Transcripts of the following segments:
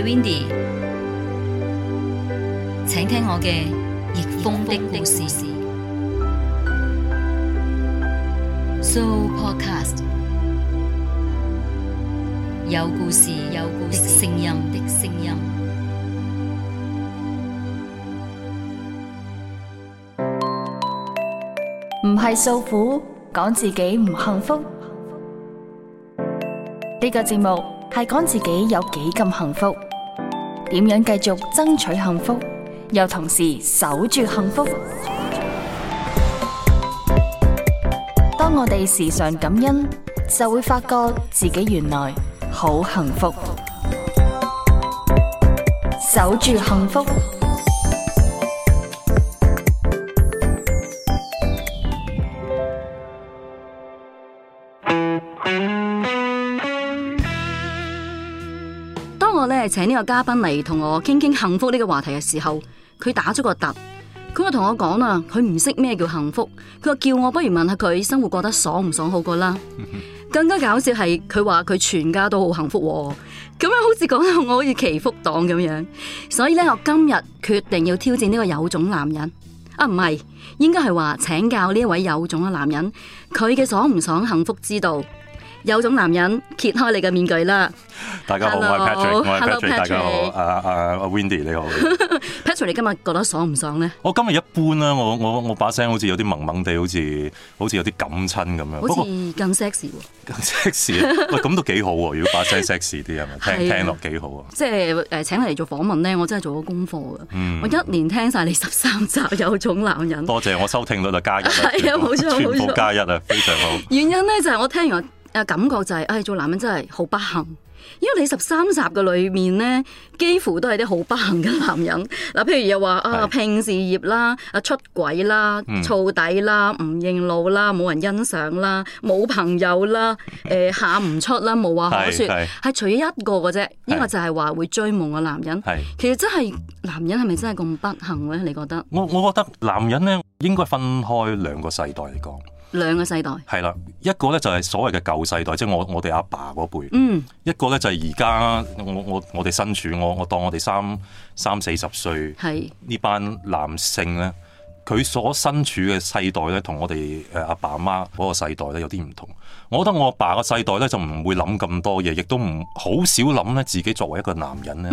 係 Windy，請聽我嘅逆風的故事。So podcast 有故事，有聲音的聲音。唔係訴苦，講自己唔幸福。呢個節目係講自己有幾咁幸福。點樣繼續爭取幸福，又同時守住幸福？當我哋時常感恩，就會發覺自己原來好幸福，守住幸福。我咧請呢個嘉賓嚟同我傾傾幸福呢個話題嘅時候，佢打咗個突，佢就同我講啦，佢唔識咩叫幸福，佢話叫我不如問下佢生活過得爽唔爽好過啦。 更加搞笑係，佢話佢全家都好幸福，咁樣好似講到我好似祈福黨咁樣。所以咧，我今日決定要挑戰呢個有種男人。啊，唔係，應該係話請教呢一位有種嘅男人，佢嘅爽唔爽幸福之道。有種男人揭開你嘅面具啦！大家好，我係 Patrick，我係 Patrick，大家好，阿阿阿 Windy 你好，Patrick 你今日覺得爽唔爽咧？我今日一般啦，我我我把聲好似有啲萌萌地，好似好似有啲感親咁樣，好似更 sexy，更 sexy，喂咁都幾好喎！如果把聲 sexy 啲係咪？聽聽落幾好啊！即係誒，請你嚟做訪問咧，我真係做咗功課嘅，我一年聽晒你十三集《有種男人》，多謝我收聽率就加，係啊，冇錯冇錯，加一啊，非常好。原因咧就係我聽完。啊，感覺就係、是，唉、哎，做男人真係好不幸，因為你十三集嘅裏面咧，幾乎都係啲好不幸嘅男人。嗱，譬如又話啊，是拼事業啦，啊，出軌啦，嗯、燥底啦，唔認路啦，冇人欣賞啦，冇朋友啦，誒、 呃，喊唔出啦，冇話可說，係除咗一個嘅啫。呢個就係話會追夢嘅男人。係是，其實真係男人係咪真係咁不幸咧？你覺得？我我覺得男人咧，應該分開兩個世代嚟講。兩個世代，係啦，一個咧就係所謂嘅舊世代，即係我我哋阿爸嗰輩，嗯，一個咧就係而家我我我哋身處，我我當我哋三三四十歲，係呢係班男性咧，佢所身處嘅世代咧，同我哋誒阿爸阿媽嗰個世代咧有啲唔同。我覺得我阿爸個世代咧就唔會諗咁多嘢，亦都唔好少諗咧自己作為一個男人咧，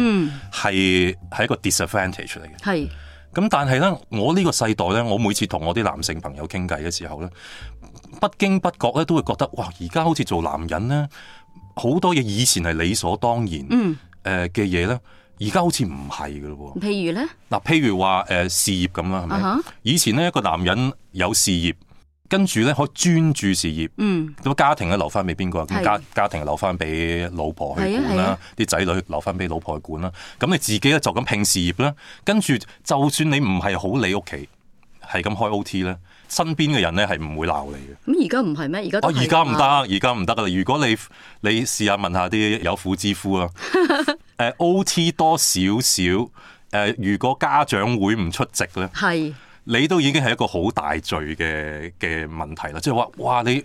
係係、嗯、一個 disadvantage 嚟嘅，係。咁但係咧，我呢個世代咧，我每次同我啲男性朋友傾偈嘅時候咧，不經不覺咧都會覺得，哇！而家好似做男人咧，好多嘢以前係理所當然，嗯，誒嘅嘢咧，而家好似唔係噶咯喎。譬如咧，嗱，譬如話誒事業咁啦，係咪？Uh huh. 以前呢，一個男人有事業。跟住咧，可以專注事業。嗯，咁家庭咧留翻俾邊個？家家庭留翻俾，啊，老婆去管啦，啲仔，啊啊，女留翻俾老婆去管啦。咁你自己咧就咁拼事業啦。跟住就算你唔係好理屋企，係咁開 O T 咧，身邊嘅人咧係唔會鬧你嘅。咁而家唔係咩？而家哦，而家唔得，而家唔得噶啦。如果你你試下問下啲有婦之夫啦。誒，O T 多少少？誒，呃，如果家長會唔出席咧，係。你都已經係一個好大罪嘅嘅問題啦，即係話哇你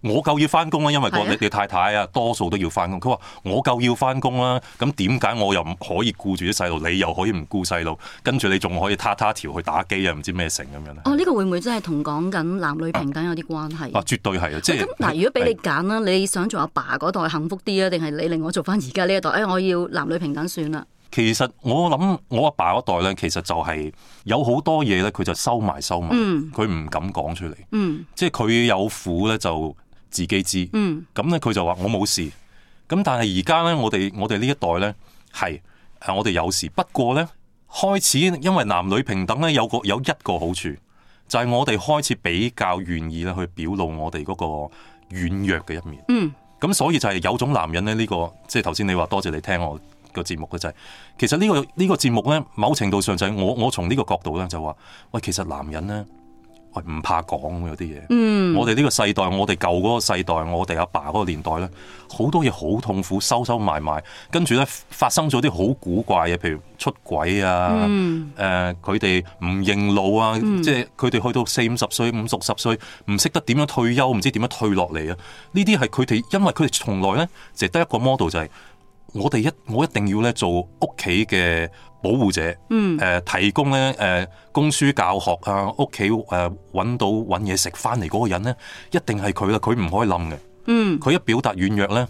我夠要翻工啦，因為你、嗰個啊、你太太啊多數都要翻工，佢話我夠要翻工啦，咁點解我又唔可以顧住啲細路，你又可以唔顧細路，跟住你仲可以塌塌條去打機啊，唔知咩成咁樣咧？哦，呢、呢個會唔會真係同講緊男女平等有啲關係？啊、嗯，絕對係啊，即係嗱。如果俾你揀啦，嗯、你想做阿爸嗰代幸福啲啊，定係你令我做翻而家呢一代？哎，我要男女平等算啦。其實我諗我阿爸嗰代咧，其實就係有好多嘢咧，佢就收埋收埋，佢唔敢講出嚟。嗯、即係佢有苦咧，就自己知。咁咧、嗯，佢就話我冇事。咁但係而家咧，我哋我哋呢一代咧，係我哋有事。不過咧，開始因為男女平等咧，有個有一個好處，就係、係、我哋開始比較願意咧去表露我哋嗰個軟弱嘅一面。咁、嗯、所以就係有種男人咧呢、呢個，即係頭先你話多謝你聽我。個節目嘅就係，其實呢個呢個節目咧，某程度上就係我我從呢個角度咧就話，喂，其實男人咧，喂，唔怕講有啲嘢。嗯，我哋呢個世代，我哋舊嗰個世代，我哋阿爸嗰個年代咧，好多嘢好痛苦，收收埋埋，跟住咧發生咗啲好古怪嘅，譬如出軌啊，誒、嗯，佢哋唔認老啊，嗯、即係佢哋去到四五十歲、五六十歲，唔識得點樣退休，唔知點樣退落嚟啊。呢啲係佢哋因為佢哋從來咧就得一個 model 就係、是。我哋一我一定要咧做屋企嘅保護者，嗯，誒、呃，提供咧，誒、呃，供書教學啊，屋企誒，揾、呃、到揾嘢食翻嚟嗰個人咧，一定係佢啦，佢唔可以冧嘅，嗯，佢一表達軟弱咧。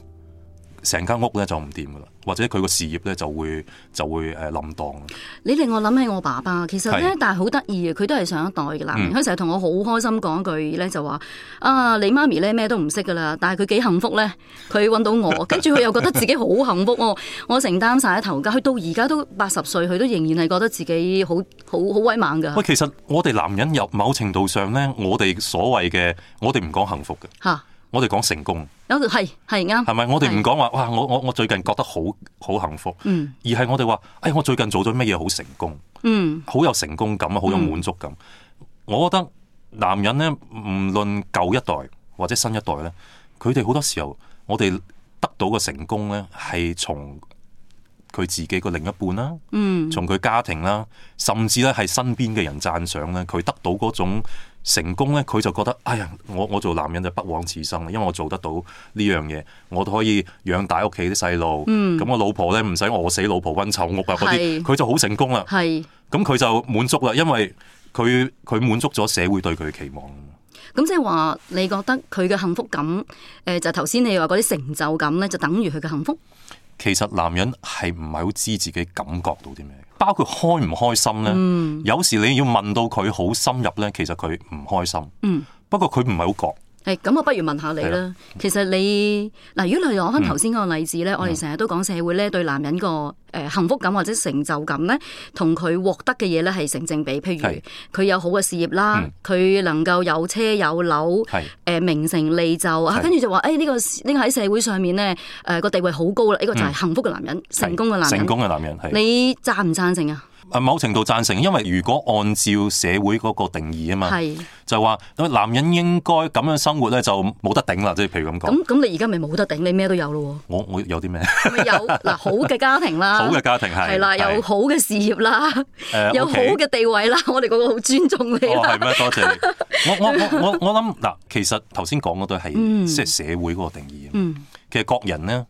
成間屋咧就唔掂噶啦，或者佢個事業咧就會就會誒、呃、冧檔。你令我諗起我爸爸，其實咧是但係好得意嘅，佢都係上一代嘅男人，佢成日同我好開心講一句咧，就話啊你媽咪咧咩都唔識噶啦，但係佢幾幸福咧？佢揾到我，跟住佢又覺得自己好幸福、哦。 我承擔晒一頭家，佢到而家都八十歲，佢都仍然係覺得自己好好好威猛噶。喂，其實我哋男人入某程度上咧，我哋所謂嘅，我哋唔講幸福嘅， 我哋講成功。有就係係啱，係咪？我哋唔講話哇！我我我最近覺得好好幸福，嗯、而係我哋話：哎，我最近做咗咩嘢好成功，嗯，好有成功感啊，好有滿足感。嗯、我覺得男人咧，唔論舊一代或者新一代咧，佢哋好多時候，我哋得到嘅成功咧，係從佢自己個另一半啦，嗯，從佢家庭啦，甚至咧係身邊嘅人讚賞咧，佢得到嗰種成功咧，佢就覺得，哎呀，我我做男人就不枉此生，因為我做得到呢樣嘢，我都可以養大屋企啲細路，咁我、嗯、老婆咧唔使餓死老婆温臭屋啊嗰啲，佢是就好成功啦。咁佢是就滿足啦，因為佢佢滿足咗社會對佢嘅期望。咁、嗯、即係話，你覺得佢嘅幸福感，誒、呃、就頭、是、先你話嗰啲成就感咧，就等於佢嘅幸福？其實男人係唔係好知自己感覺到啲咩？包括開唔開心呢？嗯、有時你要問到佢好深入呢，其實佢唔開心。嗯、不過佢唔係好覺。係咁，哎、我不如問，問下你啦。的其實你嗱，如果你講翻頭先嗰個例子咧，嗯、我哋成日都講社會咧，對男人個誒幸福感或者成就感咧，同佢獲得嘅嘢咧係成正比。譬如佢有好嘅事業啦，佢、嗯、能夠有車有樓，誒的、呃、名成利就啊，跟住的就話誒呢個呢、這個喺社會上面咧，誒、呃、個地位好高啦。呢、這個就係幸福嘅男人，嗯、成功嘅男人，成功嘅男人。你贊唔贊成啊？某程度贊成，因為如果按照社會嗰個定義啊嘛，是就話男人應該咁樣生活咧，就冇得頂啦。即係譬如咁講，咁咁你而家咪冇得頂？你咩都有咯喎。我我有啲咩？ 有嗱，好嘅家庭啦，好嘅家庭係係啦，是是有好嘅事業啦，uh, okay 有好嘅地位啦，我哋個個好尊重你。哦，係咩？多謝你。我我我我我諗嗱，其實頭先講嗰對係即係社會嗰個定義、嗯嗯、其實各人咧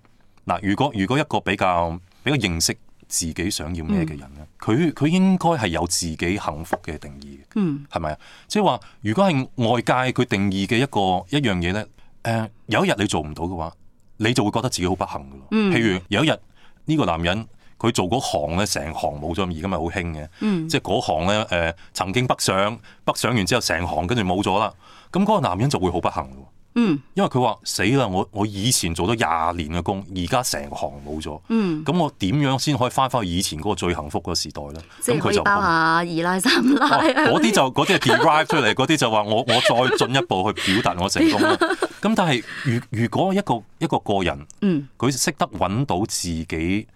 嗱，如果如果一個比較比較認識。自己想要咩嘅人咧，佢佢、嗯、應該係有自己幸福嘅定義嘅，係咪啊？嗯、即係話，如果係外界佢定義嘅一個一樣嘢咧，誒、呃、有一日你做唔到嘅話，你就會覺得自己好不幸嘅。譬如有一日呢、呢個男人佢做嗰行咧，成行冇咗，而家咪好興嘅，嗯、即係嗰行咧誒、呃、曾經北上，北上完之後成行跟住冇咗啦，咁、那、嗰個男人就會好不幸。嗯，因為佢話死啦，我我以前做咗廿年嘅工，而家成行冇咗，嗯，咁我點樣先可以返返去以前嗰個最幸福嗰個時代咧？咁佢就二奶三奶，嗰啲就嗰啲係 derive 出嚟，嗰啲就話我我再進一步去表達我成功啦。咁但係如如果一個一個個人，佢識得揾到自己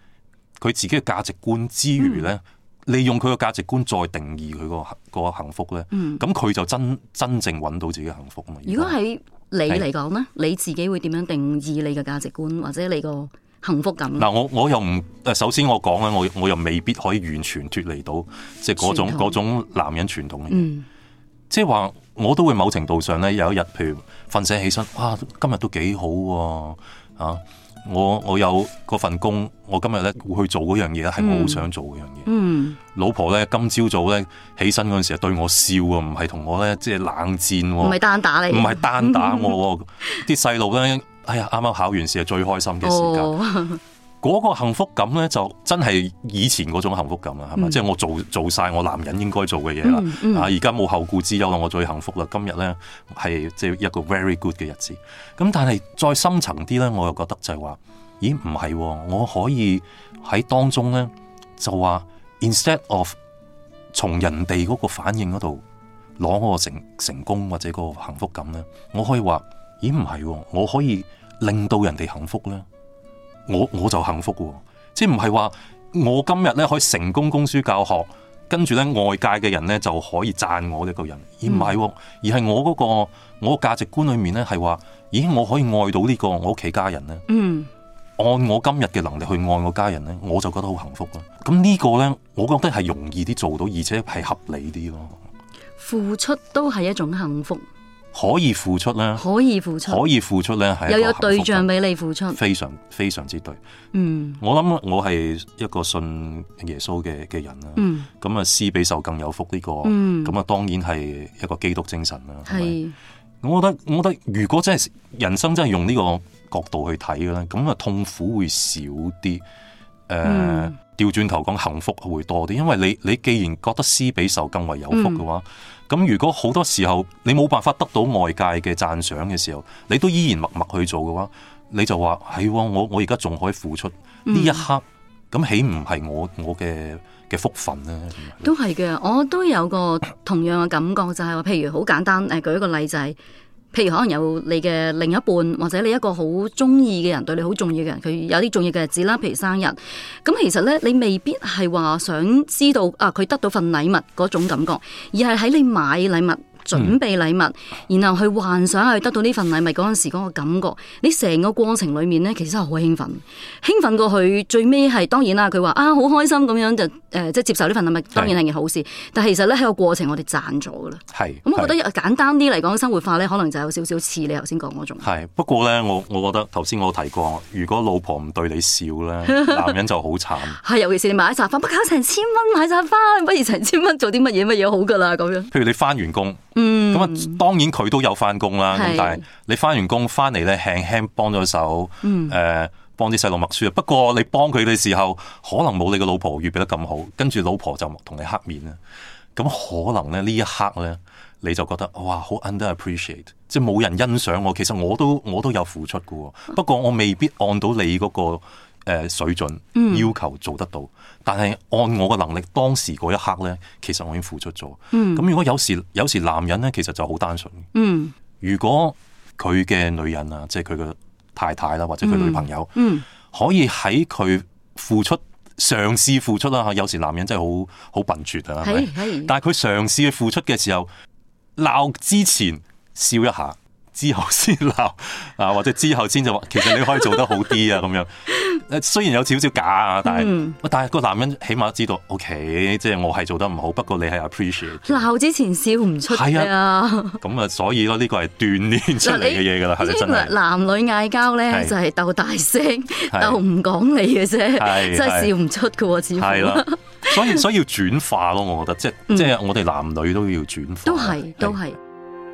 佢自己嘅價值觀之餘咧，利用佢嘅價值觀再定義佢個個幸福咧，嗯，咁佢就真真正揾到自己嘅幸福啊嘛。如果喺你嚟講咧，你自己會點樣定義你嘅價值觀或者你個幸福感？嗱，我我又唔，誒，首先我講咧，我我又未必可以完全脫離到即係嗰種傳統，嗰種男人傳統嘅，嗯、即係話我都會某程度上咧有一日，譬如瞓醒起身，哇，今日都幾好啊！啊我我有嗰份工，我今日咧會去做嗰樣嘢，係我好想做嗰樣嘢、嗯。嗯，老婆咧今朝早咧起身嗰陣時啊，對我笑喎、啊，唔係同我咧即係冷戰喎、啊。唔係單打你，唔係單打我喎、啊，啲細路咧，哎呀，啱啱考完試係最開心嘅時間。哦 嗰個幸福感咧，就真係以前嗰種幸福感啦，係咪？嗯、即係我做做晒我男人應該做嘅嘢啦，嗯嗯、啊！而家冇後顧之憂啦，我最幸福啦。今日咧係即係一個 very good 嘅日子。咁、嗯、但係再深層啲咧，我又覺得就係話：咦，唔係、哦，我可以喺當中咧，就話 instead of 從人哋嗰個反應嗰度攞嗰個成成功或者個幸福感咧，我可以話：咦，唔係、哦，我可以令到人哋幸福咧。我我就幸福、啊，即係唔係話我今日咧可以成功供書教學，跟住咧外界嘅人咧就可以讚我呢個人，而唔係、啊，而係我嗰、嗰個我價值觀裏面咧係話，咦，我可以愛到呢個我屋企家、家人咧，嗯，按我今日嘅能力去愛我家人咧，我就覺得好幸福咯、啊。咁、嗯、呢個咧，我覺得係容易啲做到，而且係合理啲咯、啊。付出都係一種幸福。可以付出咧，可以付出，可以付出咧，又有，有對象俾你付出，非常非常之對。嗯，我諗我係一個信耶穌嘅嘅人啦。嗯，咁啊，施比受更有福呢，呢個，咁啊、嗯，當然係一個基督精神啦。係，我覺得我覺得如果真係人生真係用呢個角度去睇嘅咧，咁啊痛苦會少啲。誒，調轉頭講，幸福會多啲，因為你你既然覺得施比受更為有福嘅話，咁、嗯、如果好多時候你冇辦法得到外界嘅讚賞嘅時候，你都依然默默去做嘅話，你就話係、哎，我我而家仲可以付出呢一刻，咁豈唔係我我嘅嘅福分呢？嗯、都係嘅，我都有個同樣嘅感覺就係、話，譬如好簡單，誒，舉一個例子就係、是。譬如可能有你嘅另一半，或者你一個好中意嘅人，對你好重要嘅人，佢有啲重要嘅日子啦，譬如生日。咁其實咧，你未必係話想知道啊，佢得到份禮物嗰種感覺，而係喺你買禮物。準備禮物，然後去幻想去得到呢份禮物嗰陣時嗰個感覺，你成個過程裏面咧，其實係好興奮，興奮過去。最尾係當然啦，佢話啊好開心咁樣就誒即係接受呢份禮物，當然係件好事。是但係其實咧喺，這個過程我，我哋賺咗噶啦。係，咁我覺得簡單啲嚟講，生活化咧，可能就有少少似你頭先講嗰種。係，不過咧，我我覺得頭先我提過，如果老婆唔對你笑咧，男人就好慘。係， 尤其是你買一扎花，不搞成千蚊買扎花，不如成千蚊做啲乜嘢乜嘢好噶啦咁樣。譬如你翻完工。嗯，咁啊，當然佢都有翻工啦。咁是但係你翻完工翻嚟咧，輕輕幫咗手，誒、嗯，幫啲細路默書啊。不過你幫佢嘅時候，可能冇你嘅老婆預備得咁好，跟住老婆就同你黑面啦。咁可能咧呢一刻咧，你就覺得哇，好 under appreciate，即係冇人欣賞我。其實我都我都有付出嘅喎，不過我未必按到你嗰、嗰個誒，水準要求做得到，但係按我嘅能力，當時嗰一刻呢，其實我已經付出咗。咁、嗯、如果有時有時男人呢，其實就好單純。嗯、如果佢嘅女人啊，即係佢嘅太太啦，或者佢女朋友，嗯嗯、可以喺佢付出嘗試付出啦。有時男人真係好好笨拙啊，係咪？但係佢嘗試去付出嘅時候，鬧之前笑一下，之後先鬧啊，或者之後先就話，其實你可以做得好啲啊，咁樣誒，雖然有少少假啊，但係，但係個男人起碼都知道，OK，即係我係做得唔好，不過你係 appreciate 鬧之前笑唔出係啊，咁啊，所以咯，呢個係鍛煉出嚟嘅嘢噶啦，係咪先？男女嗌交咧就係鬥大聲，鬥唔講你嘅啫，真係笑唔出噶喎，似乎所以所以要轉化咯，我覺得即係即係我哋男女都要轉化，都係都係。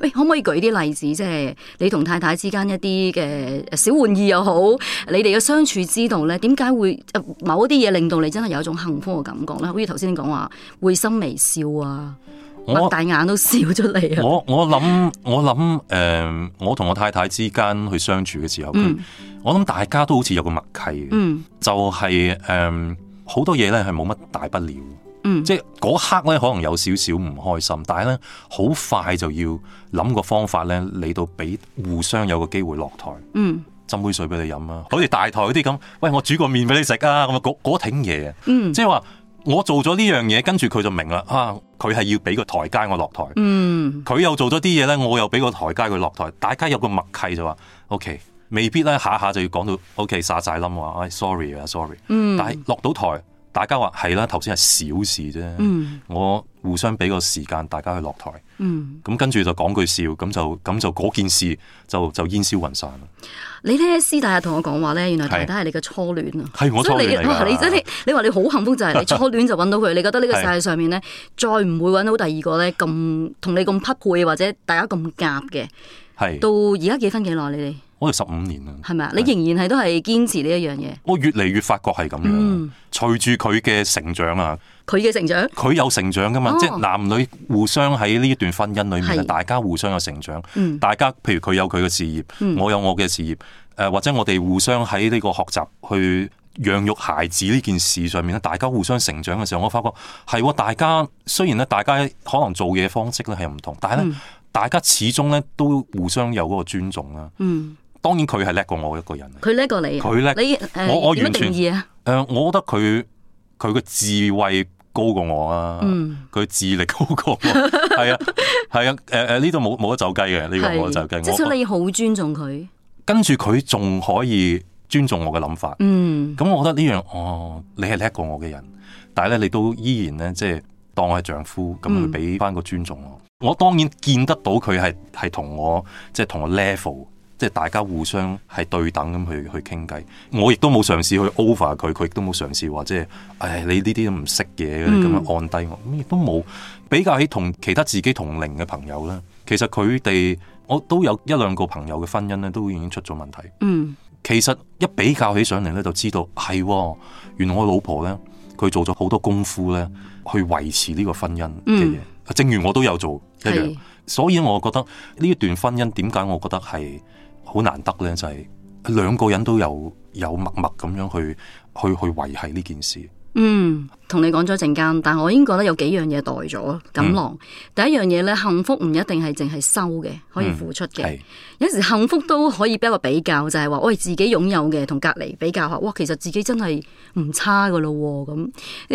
喂，可唔可以舉啲例子，即係你同太太之間一啲嘅小玩意又好，你哋嘅相處之道咧，點解會某一啲嘢令到你真係有一種幸福嘅感覺咧？好似頭先你講話，會心微笑啊，擘大眼都笑出嚟啊！我我諗我諗誒，我同我，我、呃、我，我太太之間去相處嘅時候，嗯、我諗大家都好似有個默契嘅，嗯、就係誒好多嘢咧係冇乜大不了。即係嗰刻咧，可能有少少唔開心，但係咧好快就要諗個方法咧，嚟到俾互相有個機會落台，斟、嗯、杯水俾你飲啊，好似大台嗰啲咁，喂我煮個麵俾你食啊，咁啊嗰挺嘢，嗯、即係話我做咗呢樣嘢，跟住佢就明啦，啊佢係要俾個台階我落台，佢、嗯、又做咗啲嘢咧，我又俾個台階佢落台，大家有個默契就話，O K，未必咧下下就要講到 O K，撒晒冧話、哎、sorry, sorry, sorry,，sorry 啊，sorry，但係落到台。大家話係啦，頭先係小事啫。嗯、我互相俾個時間大家去落台。咁、嗯、跟住就講句笑，咁、嗯嗯、就咁就嗰件事就就煙消雲散啦。你咧，師大同我講話咧，原來弟弟係你嘅初戀啊。你真係，你話你好幸福，就係、是、你初戀就揾到佢。是你覺得呢個世界上面咧，再唔會揾到第二個咧咁同你咁匹配，或者大家咁夾嘅。是是到而家結婚幾耐，你哋？我哋十五年啦，係咪啊？你仍然係都係堅持呢一樣嘢。我越嚟越發覺係咁樣，隨住佢嘅成長啊，佢嘅成長，佢有成長噶嘛？即係男女互相喺呢一段婚姻裏面啊，大家互相有成長。嗯，大家譬如佢有佢嘅事業，我有我嘅事業，誒，或者我哋互相喺呢個學習去養育孩子呢件事上面咧，大家互相成長嘅時候，我發覺係，大家雖然咧大家可能做嘢方式咧係唔同，但係咧大家始終咧都互相有嗰個尊重啦。嗯。當然佢係叻過我一個人，佢叻過你，佢、呃、叻，你我我完全，誒、呃，我覺得佢佢個智慧高過我啊，佢、嗯、智力高過我，係啊，係啊，誒、呃、誒，呢度冇冇得走雞嘅呢個冇得走雞，即係你好尊重佢，跟住佢仲可以尊重我嘅諗法，嗯、mm，咁我覺得呢樣，哦，你係叻過我嘅人，但係咧你都依然咧，即係當我係丈夫咁，佢俾翻個尊重我。我當然見得到佢係係同我即係同我 level。即係大家互相係對等咁去去傾偈，我亦都冇嘗試去 over 佢，佢亦都冇嘗試話即係，唉，你呢啲都唔識嘢咁樣按低我，咁亦都冇比較起同其他自己同齡嘅朋友咧，其實佢哋我都有一兩個朋友嘅婚姻咧都已經出咗問題。嗯，其實一比較起上嚟咧，就知道係、哦，原來我老婆咧佢做咗好多功夫咧去維持呢個婚姻嘅嘢。嗯、正如我都有做一樣，是所以我覺得呢一段婚姻點解我覺得係。好難得咧，就係兩個人都有有默默咁樣去去去維繫呢件事。嗯，同你講咗一陣間，但我已經覺得有幾樣嘢袋咗咁咯。狼嗯、第一樣嘢咧，幸福唔一定係淨係收嘅，可以付出嘅。嗯、有時幸福都可以俾一個比較，就係、是、話我哋自己擁有嘅同隔籬比較下，哇，其實自己真係唔差噶咯咁。呢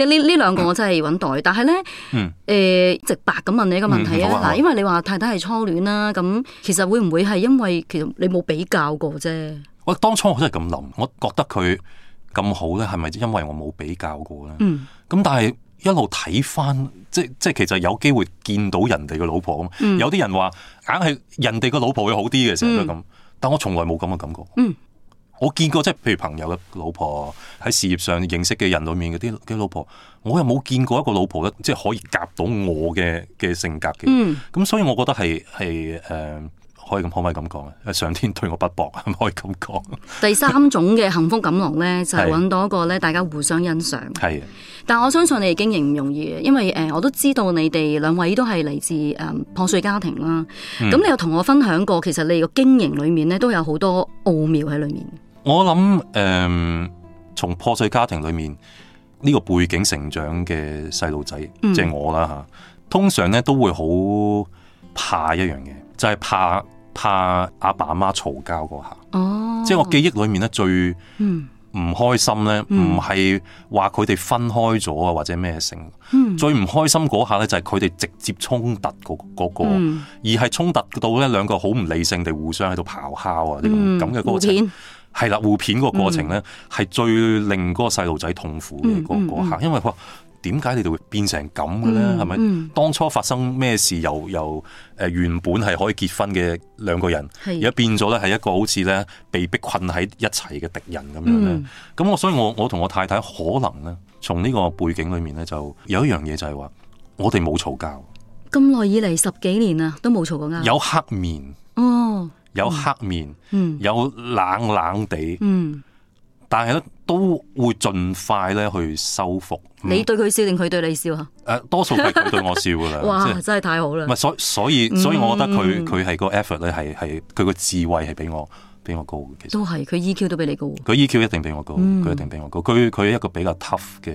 呢呢兩個我真係搵袋。嗯、但係咧，誒、嗯呃，直白咁問你一個問題啊，嗱、嗯，因為你話太太係初戀啦、啊，咁其實會唔會係因為其實你冇比較過啫？我當初我真係咁諗，我覺得佢。咁好咧，係咪因為我冇比較過咧？咁、嗯、但係一路睇返，即即其實有機會見到人哋嘅老婆咁，嗯、有啲人話硬係人哋嘅老婆會好啲嘅時候都，都咁、嗯，但我從來冇咁嘅感覺。嗯、我見過即譬如朋友嘅老婆喺事業上認識嘅人裏面嗰啲老婆，我又冇見過一個老婆咧，即可以夾到我嘅嘅性格嘅。咁、嗯、所以我覺得係係誒。可以咁可唔可以咁講啊？上天對我不薄，可唔可以咁講？第三種嘅幸福感落咧，就係、是、揾到一個咧，大家互相欣賞。係，是的但我相信你哋經營唔容易嘅，因為誒，我都知道你哋兩位都係嚟自誒、嗯、破碎家庭啦。咁你又同我分享過，其實你哋個經營裏面咧都有好多奧妙喺裏面。我諗誒，從、呃、破碎家庭裏面呢、這個背景成長嘅細路仔，即係、嗯、我啦吓、啊，通常咧都會好怕一樣嘢，就係、是、怕。怕阿爸阿媽嘈交嗰下，啊、即係我記憶裏面咧最唔開心咧，唔係話佢哋分開咗啊或者咩性，嗯、最唔開心嗰下咧就係佢哋直接衝突嗰嗰、嗰個，嗯、而係衝突到咧兩個好唔理性地互相喺度咆哮啊啲咁嘅過程，係啦，互片個過程咧係最令嗰個細路仔痛苦嘅嗰嗰刻、嗯嗯嗯，因為佢話。點解你哋會變成咁嘅咧？係咪、嗯、當初發生咩事由？又又誒，原本係可以結婚嘅兩個人，而家是變咗咧，係一個好似咧被逼困喺一齊嘅敵人咁樣咧。咁我、嗯、所以我，我我同我太太可能咧，從呢個背景裏面咧，就有一樣嘢就係話，我哋冇嘈交，咁耐以嚟，十幾年啊，都冇嘈過。有黑面哦，有黑面，嗯，有冷冷地，嗯。但係咧，都會盡快咧去修復。嗯、你對佢笑定佢對你笑啊？誒，多數係佢對我笑噶啦。 哇，即真係太好啦！唔係，所所以所以，所以嗯、所以我覺得佢佢係個 effort 咧，係係佢個智慧係比我比我高嘅。其實都係，佢 EQ 都比你高。佢 EQ 一定比我高，佢一定比我高，佢佢係一個比較 tough 嘅。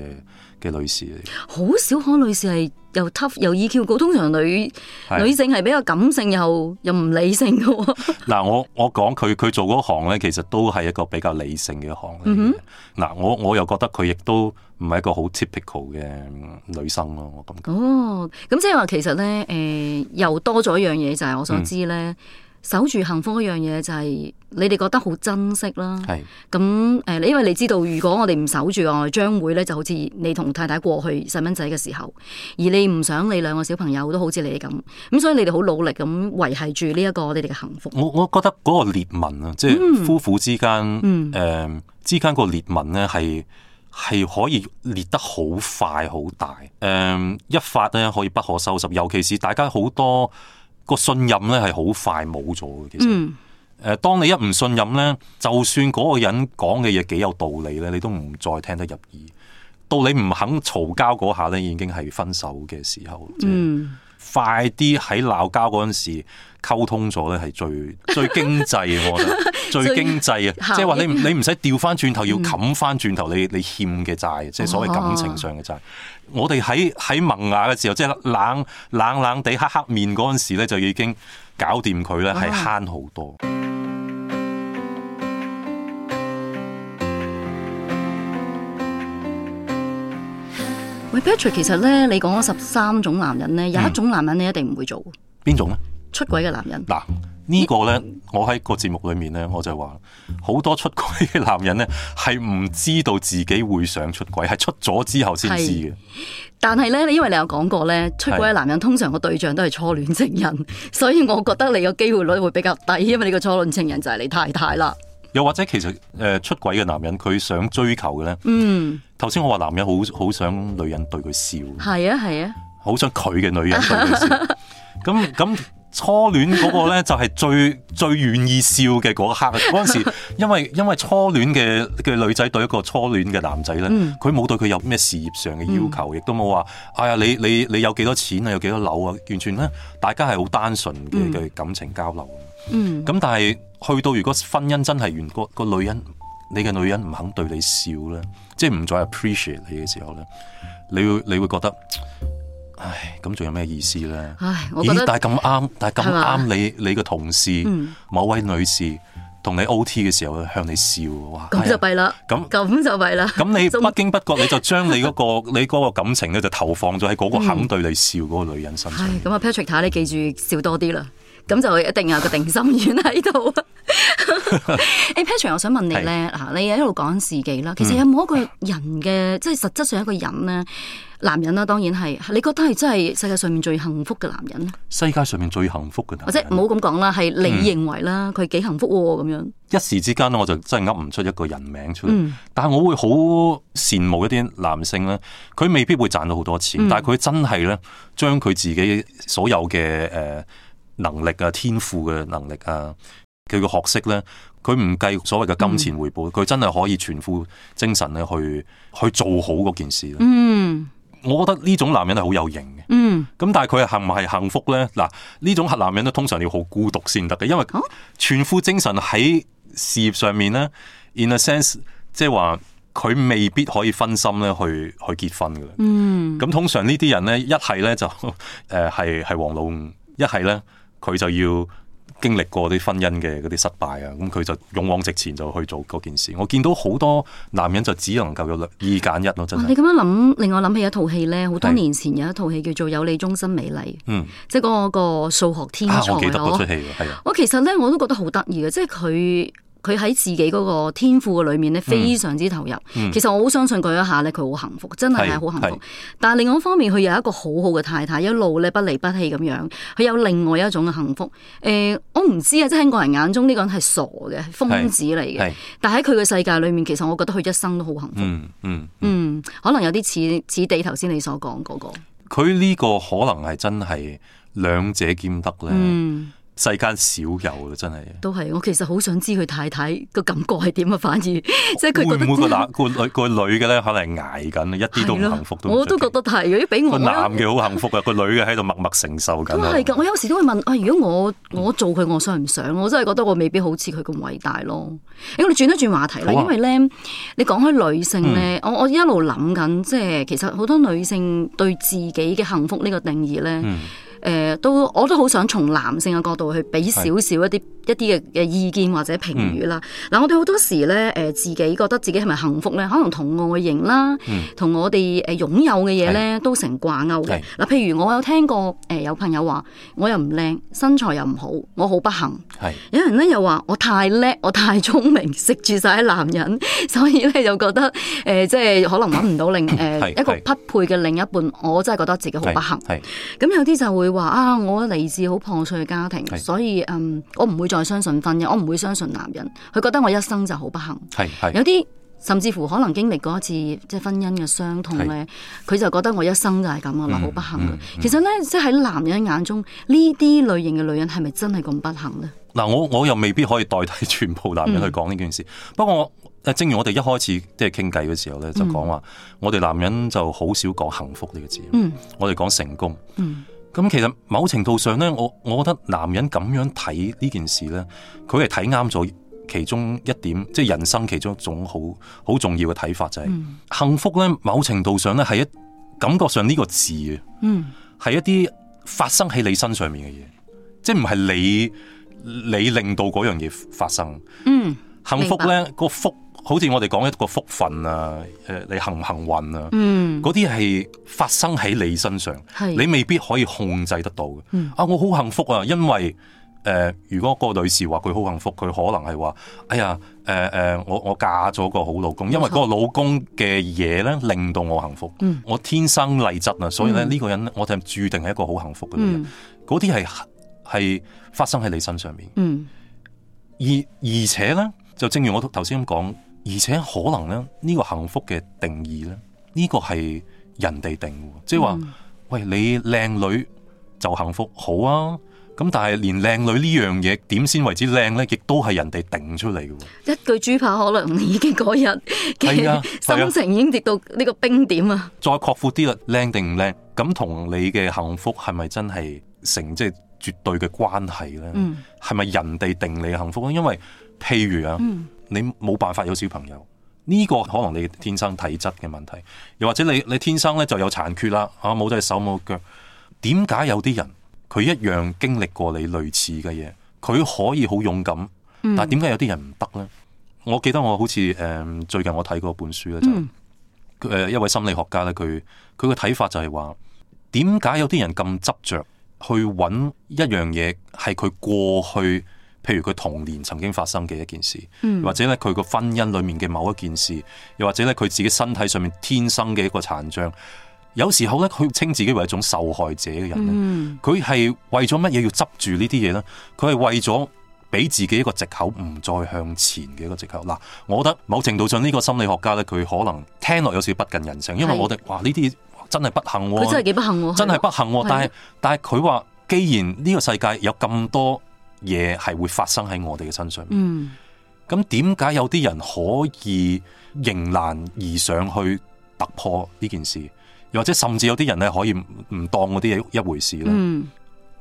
嘅女士嚟，好少可女士係又 tough 又 E Q 高，通常女的女性係比較感性又又唔理性嘅。嗱， 我我講佢佢做嗰行咧，其實都係一個比較理性嘅一行嗱、mm hmm.，我我又覺得佢亦都唔係一個好 typical 嘅女生咯。我咁。哦，咁即係話其實咧，誒、呃，又多咗一樣嘢就係我想知咧。嗯守住幸福一樣嘢，就係、是、你哋覺得好珍惜啦。係咁，誒、因為你知道，如果我哋唔守住，我哋將會咧就好似你同太太過去細蚊仔嘅時候，而你唔想你兩個小朋友都好似你哋咁，咁所以你哋好努力咁維繫住呢一個你哋嘅幸福。我我覺得嗰個裂紋啊，即、就、係、是、夫婦之間誒、嗯嗯、之間個裂紋咧，係係可以裂得好快好大。誒、嗯，一發咧可以不可收拾，尤其是大家好多。個信任咧係好快冇咗嘅。其實，誒，當你一唔信任咧，就算嗰個人講嘅嘢幾有道理咧，你都唔再聽得入耳，到你唔肯嘈交嗰下咧，已經係分手嘅時候。快啲喺鬧交嗰陣時溝通咗咧，係最最經濟，我覺得 最經濟啊！即係話你是你唔使調翻轉頭，要冚翻轉頭，你你欠嘅債，即係所謂感情上嘅債。啊、我哋喺喺萌芽嘅時候，即係冷，冷冷冷地黑黑面嗰陣時咧，就已經搞掂佢咧，係慳好多。啊喂 Patrick 其實咧，你講咗十三種男人咧，嗯、有一種男人你一定唔會做邊種咧？出軌嘅男人嗱，呢個、呢、嗯、個咧，我喺個節目裏面咧，我就話好多出軌嘅男人咧，係唔知道自己會想出軌，係出咗之後先知嘅。但係咧，因為你有講過咧，出軌嘅男人通常個對象都係初戀情人，是所以我覺得你個機會率會比較低，因為你個初戀情人就係你太太啦。又或者其實誒、呃，出軌嘅男人佢想追求嘅咧，嗯。頭先我話男人好好想女人對佢笑，係啊係啊，好、啊、想佢嘅女人對佢笑。咁咁 初戀嗰個咧就係、是、最最願意笑嘅嗰刻。嗰陣時因為因為初戀嘅嘅女仔對一個初戀嘅男仔咧，佢冇、嗯、對佢有咩事業上嘅要求，亦都冇話哎呀你你你有幾多錢啊有幾多樓啊，完全咧大家係好單純嘅嘅感情交流。咁、嗯嗯、但係去到如果婚姻真係完，個、那個女人你嘅、那個、女人唔、那個、肯對你笑咧。即係唔再 appreciate 你嘅時候咧，你會你會覺得，唉，咁仲有咩意思咧？唉，我覺得咦？但係咁啱，但係咁啱，你你個同事、嗯、某位女士同你 OT 嘅時候向你笑，哇！咁就弊啦，咁咁、哎、就弊啦。咁你不經不覺你就將你嗰、嗰個 你個感情咧就投放咗喺嗰個肯對你笑嗰個女人身上。咁啊、嗯、Patrick，你記住笑多啲啦。咁就一定有一個定心丸喺度啊、 欸、Patrick 我想問你咧嚇，是你一路講緊自己啦，其實有冇一個人嘅、嗯、即係實質上一個人咧，男人啦、啊，當然係，你覺得係真係世界上面最幸福嘅男人，世界上面最幸福嘅男人，即唔好咁講啦，係你認為啦、嗯，佢幾幸福咁、啊、樣？一時之間咧，我就真係噏唔出一個人名出嚟，嗯、但係我會好羨慕一啲男性咧，佢未必會賺到好多錢，但係佢真係咧，將佢自己所有嘅誒。呃嗯能力，能力啊，天賦嘅能力啊，佢嘅學識咧，佢唔計所謂嘅金錢回報，佢、mm. 真係可以全副精神咧去去做好嗰件事嗯，mm. 我覺得呢種男人係好有型嘅。嗯，咁但係佢係唔係幸福咧？嗱，呢種男人咧，通常要好孤獨先得嘅，因為全副精神喺事業上面咧，in a sense 即係話佢未必可以分心咧去去結婚嘅、mm. 嗯。嗯，咁、嗯、通常呢啲人咧，一係咧就誒係係王老五，一係咧。佢就要經歷過啲婚姻嘅嗰啲失敗啊，咁佢就勇往直前就去做嗰件事。我見到好多男人就只能夠有兩二揀一咯，真係。哇！你咁樣諗，令我諗起一套戲咧，好多年前有一套戲叫做《有你終身美麗》，嗯的，即係嗰個數學天才、啊、我記得嗰出戲，我，的我其實咧我都覺得好得意嘅，即係佢。佢喺自己嗰個天賦嘅裏面咧，非常之投入。嗯嗯、其實我好相信佢一下咧，佢好幸福，真係係好幸福。但係另外一方面，佢有一個好好嘅太太，一路咧不離不棄咁樣。佢有另外一種嘅幸福。誒、呃，我唔知啊，即係外人眼中呢個人係傻嘅，瘋子嚟嘅。但係喺佢嘅世界裏面，其實我覺得佢一生都好幸福。嗯嗯，嗯，嗯可能有啲似似地，頭先你所講嗰、嗰個。佢呢個可能係真係兩者兼得咧。嗯世間少有咯，真係。都係，我其實好想知佢太太個感覺係點啊，反而。會唔會個個女嘅咧，可能挨緊，一啲都唔幸福。我都覺得係，如果俾我咧。個男嘅好幸福啊，個女嘅喺度默默承受緊。係我有時都會問：，啊，如果我我做佢，我想唔想？我真係覺得我未必好似佢咁偉大咯。我哋轉一轉話題啦，因為咧，你講開女性咧，我我一路諗緊，即係其實好多女性對自己嘅幸福呢個定義咧。誒、呃，都我都好想從男性嘅角度去俾少少一啲一啲嘅嘅意見或者評語啦。嗱、嗯呃，我哋好多時咧，誒、呃、自己覺得自己係咪幸福咧？可能同外形啦，嗯、同我哋誒擁有嘅嘢咧都成掛鈎嘅。嗱的、呃，譬如我有聽過誒、呃、有朋友話，我又唔靚，身材又唔好，我好不幸。的有人咧又話我太叻，我太聰明，食住晒啲男人， 所以咧就覺得誒，即、呃、係、呃、可能揾唔到另誒一個匹配嘅另， 另，另一半。我真係覺得自己好不幸。咁有啲就會。佢話啊，我嚟自好破碎嘅家庭，所以嗯，我唔會再相信婚姻，我唔會相信男人。佢覺得我一生就好不幸，有啲甚至乎可能經歷過一次即係婚姻嘅傷痛咧，佢就覺得我一生就係咁啊，好不幸。其實咧，即係喺男人眼中呢啲類型嘅女人係咪真係咁不幸呢？嗱，我我又未必可以代替全部男人去講呢件事。不過正如我哋一開始即係傾偈嘅時候咧，就講話我哋男人就好少講幸福呢個字，我哋講成功，咁其實某程度上咧，我我覺得男人咁樣睇呢件事咧，佢係睇啱咗其中一點，即係人生其中一種好好重要嘅睇法就係、是嗯、幸福咧。某程度上咧係一感覺上呢個字嘅，係、嗯、一啲發生喺你身上面嘅嘢，即係唔係你你令到嗰樣嘢發生。嗯，幸福咧明白，個福。好似我哋講一個福分啊，誒，你幸唔幸運啊？嗯，嗰啲係發生喺你身上，你未必可以控制得到嘅。嗯，啊，我好幸福啊，因為誒，如果個女士話佢好幸福，佢可能係話，哎呀，誒誒，我我嫁咗個好老公，因為個老公嘅嘢咧令到我幸福。嗯，我天生麗質啊，所以咧呢個人我哋係注定係一個好幸福嘅人。嗰啲係係發生喺你身上面。嗯，而而且咧，就正如我頭先咁講。而且可能咧，呢、這個幸福嘅定義咧，呢、這個係人哋定，即係話，嗯、喂，你靚女就幸福好啊！咁但係連靚女呢樣嘢點先為之靚咧，亦都係人哋定出嚟嘅。一句豬扒可能已經嗰日嘅心情已經跌到呢個冰點啊！啊再擴闊啲啦，靚定唔靚咁同你嘅幸福係咪真係成即係絕對嘅關係咧？係咪、嗯、人哋定你幸福咧？因為譬如啊。嗯你冇辦法有小朋友，呢、這個可能你天生體質嘅問題，又或者你你天生咧就有殘缺啦，啊冇咗手冇腳，點解有啲人佢一樣經歷過你類似嘅嘢，佢可以好勇敢，但係點解有啲人唔得呢？嗯、我記得我好似誒、嗯、最近我睇過本書咧就誒、是嗯呃、一位心理學家咧佢佢個睇法就係話，點解有啲人咁執着去揾一樣嘢係佢過去。譬如佢童年曾經發生嘅一件事，或者咧佢個婚姻裏面嘅某一件事，又或者咧佢自己身體上面天生嘅一個殘障，有時候咧佢稱自己為一種受害者嘅人，佢係、嗯、為咗乜嘢要執住呢啲嘢呢？佢係為咗俾自己一個藉口，唔再向前嘅一個藉口。嗱、呃，我覺得某程度上呢個心理學家咧，佢可能聽落有少少不近人性，因為我哋是哇呢啲真係不幸、啊，佢真係幾不幸、啊，的真係不幸、啊的。但係但係佢話，既然呢個世界有咁多。嘢係會發生喺我哋嘅身上。嗯，咁點解有啲人可以迎難而上去突破呢件事？又或者甚至有啲人咧可以唔當嗰啲嘢一回事咧？嗯，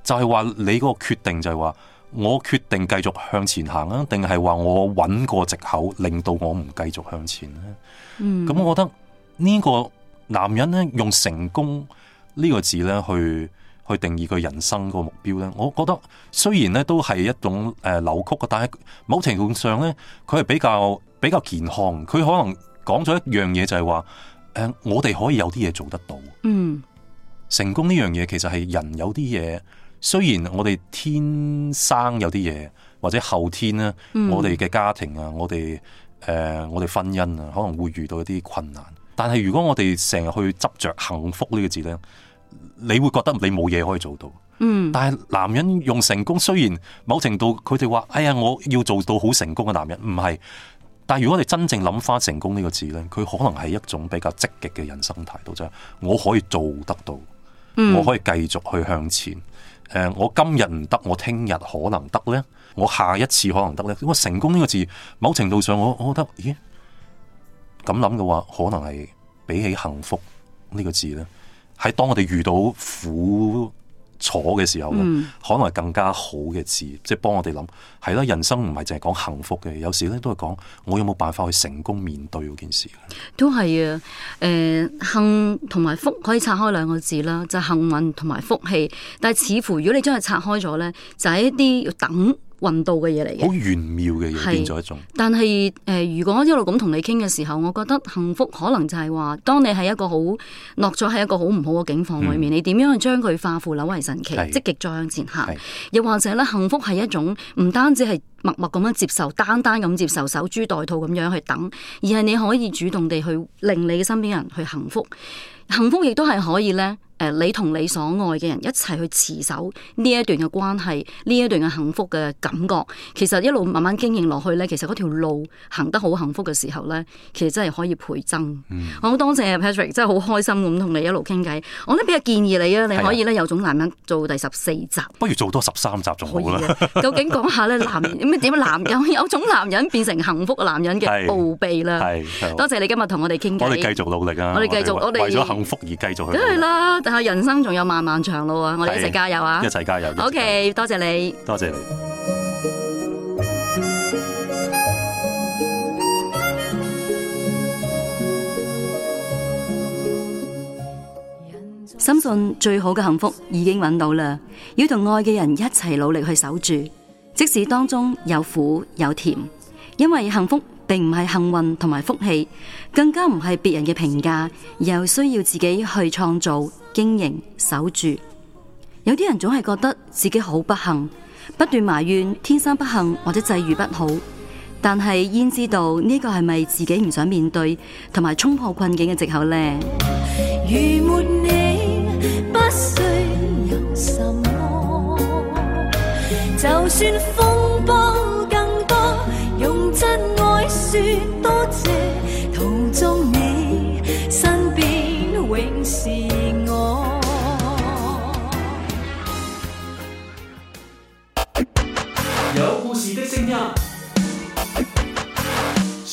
就係話你嗰個決定就係話，我決定繼續向前行啊，定係話我揾個藉口令到我唔繼續向前咧？嗯，咁我覺得呢個男人咧用成功呢個字咧去。去定義佢人生個目標咧，我覺得雖然咧都係一種誒、呃、扭曲嘅，但係某程度上咧，佢係比較比較健康。佢可能講咗一樣嘢就係話，誒、呃、我哋可以有啲嘢做得到。嗯，成功呢樣嘢其實係人有啲嘢，雖然我哋天生有啲嘢，或者後天咧，嗯、我哋嘅家庭啊，我哋誒、呃、我哋婚姻啊，可能會遇到一啲困難。但係如果我哋成日去執着「幸福」呢個字咧，你會覺得你冇嘢可以做到，嗯。但係男人用成功，雖然某程度佢哋話，哎呀，我要做到好成功嘅男人，唔係。但係如果你真正諗翻成功呢個字呢，佢可能係一種比較積極嘅人生態度就係。我可以做得到，我可以繼續去向前。誒、嗯呃，我今日唔得，我聽日可能得呢，我下一次可能得呢。咁啊，成功呢個字，某程度上我我覺得，咦，咁諗嘅話，可能係比起幸福呢個字呢。喺當我哋遇到苦楚嘅時候，可能係更加好嘅字，嗯、即係幫我哋諗，係啦，人生唔係淨係講幸福嘅，有時咧都係講我有冇辦法去成功面對嗰件事。都係啊，誒、呃，幸同埋福可以拆開兩個字啦，就係、是、幸運同埋福氣，但係似乎如果你將佢拆開咗呢，就係、是、一啲要等。運道嘅嘢嚟，嘅，好玄妙嘅嘢是變咗一種。但係誒、呃，如果一路咁同你傾嘅時候，我覺得幸福可能就係話，當你係一個好落咗喺一個好唔好嘅境況裏面，嗯、你點樣去將佢化腐朽為神奇，積極再向前行。是又或者咧，幸福係一種唔單止係默默咁樣接受，單單咁接受守株待兔咁樣去等，而係你可以主動地去令你嘅身邊人去幸福。幸福亦都係可以咧。誒，你同你所愛嘅人一齊去持守呢一段嘅關係，呢一段嘅幸福嘅感覺，其實一路慢慢經營落去咧，其實嗰條路行得好幸福嘅時候咧，其實真係可以倍增。嗯、我好多謝 Patrick，真係好開心咁同你一路傾偈。我咧俾個建議你啊，你可以咧有種男人做第十四集，不如做多十三集仲好啦。 究竟講下咧，男咩點男人有，有種男人變成幸福男人嘅奧秘啦？係，多謝你今日同我哋傾偈。我哋繼續努力啊！我哋繼續、啊、續，我哋為咗幸福而繼續去努力。梗係啦～但係人生仲有漫漫長路啊！我哋一齊加油啊！一齊加油。OK，多謝你，多謝你。深信最好嘅幸福已經揾到啦，要同愛嘅人一齊努力去守住，即使當中有苦有甜，因為幸福並唔係幸運同埋福氣，更加唔係別人嘅評價，又需要自己去創造。經營守住，有啲人總係覺得自己好不幸，不斷埋怨天生不幸或者際遇不好，但係焉知道呢個係咪自己唔想面對同埋衝破困境嘅借口咧？如沒